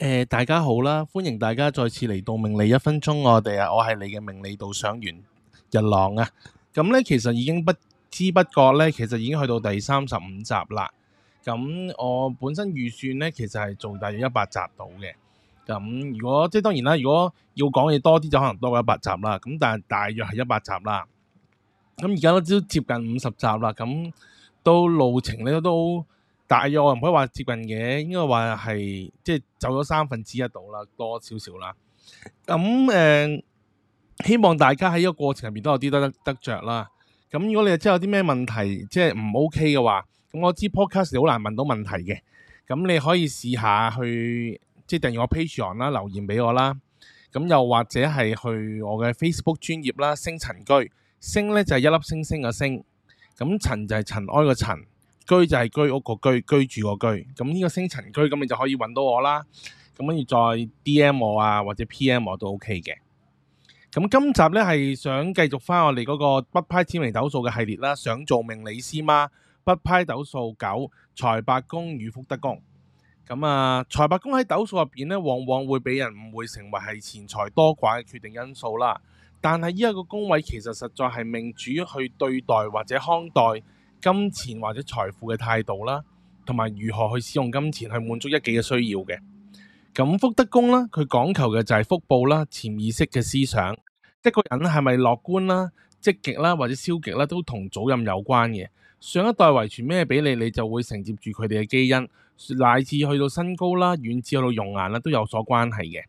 誒、呃，大家好啦，歡迎大家再次嚟到命理一分鐘，我哋啊，我係你嘅命理導賞員日朗啊。咁呢，其實已經不知不覺呢，其實已經去到第三十五集啦。咁我本身預算呢，其實係做大約一百集到嘅。咁如果即係當然啦，如果要講嘢多啲就可能多過一百集啦。咁但係大約係一百集啦。咁而家都接近五十集啦。咁到路程呢，都。大約我唔可以話接近嘅，應該話係即係走咗三分之一度啦，多少少啦。咁、呃、希望大家喺呢個過程入面都有啲得得着啦。咁如果你真係有啲咩問題即係唔 OK 嘅話，咁我知 podcast 好難問到問題嘅，咁你可以試下去即係、就是、訂閱我 Patreon 啦，留言俾我啦。咁又或者係去我嘅 Facebook 專頁啦，星塵居，星咧就係一粒星星嘅星，咁塵就係塵埃嘅塵。居就係居屋個居，居住個居。咁呢個星塵居，咁你就可以揾到我啦。咁跟住再 D M 我啊，或者 P M 我都 O K 嘅。咁今集呢，係想繼續翻我哋嗰個北派天命斗數嘅系列啦。想做命理師嗎？北派斗數九，財帛宮與福德宮。咁啊，財帛宮喺斗數入邊呢，往往會俾人誤會成為係錢財多寡嘅決定因素啦。但係依一個宮位其實實在係命主去對待或者看待。金錢或者財富嘅態度啦，同埋如何去使用金錢去滿足一己嘅需要嘅。咁福德宮呢，佢講求嘅就係福報啦、潛意識嘅思想，一個人係咪樂觀啦、積極啦或者消極啦，都同祖蔭有關嘅。上一代遺傳咩俾你，你就會承接住佢哋嘅基因，乃至去到身高啦、遠至去到容顏啦，都有所關係嘅。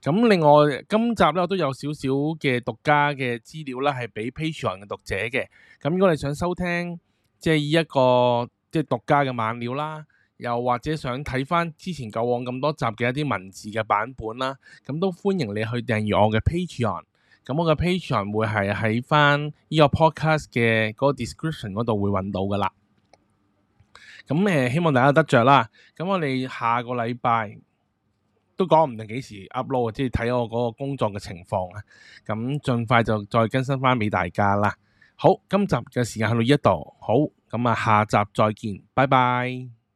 咁另外今集咧，我都有少少嘅獨家嘅資料啦，係俾 Patreon 嘅讀者嘅。咁如果你想收聽。即係依一個即係獨家嘅猛料啦，又或者想睇翻之前舊往咁多集嘅一啲文字嘅版本啦，咁都歡迎你去訂閱我嘅 Patreon。咁我嘅 Patreon 會係喺翻呢個 Podcast 嘅嗰個 description 嗰度會揾到噶啦。咁誒，希望大家得着啦。咁我哋下個禮拜都講唔定幾時 upload，即係睇我嗰個工作嘅情況啊。咁盡快就再更新翻俾大家啦。好，今集嘅時間去到呢一度，好，咁啊，下集再見，拜拜。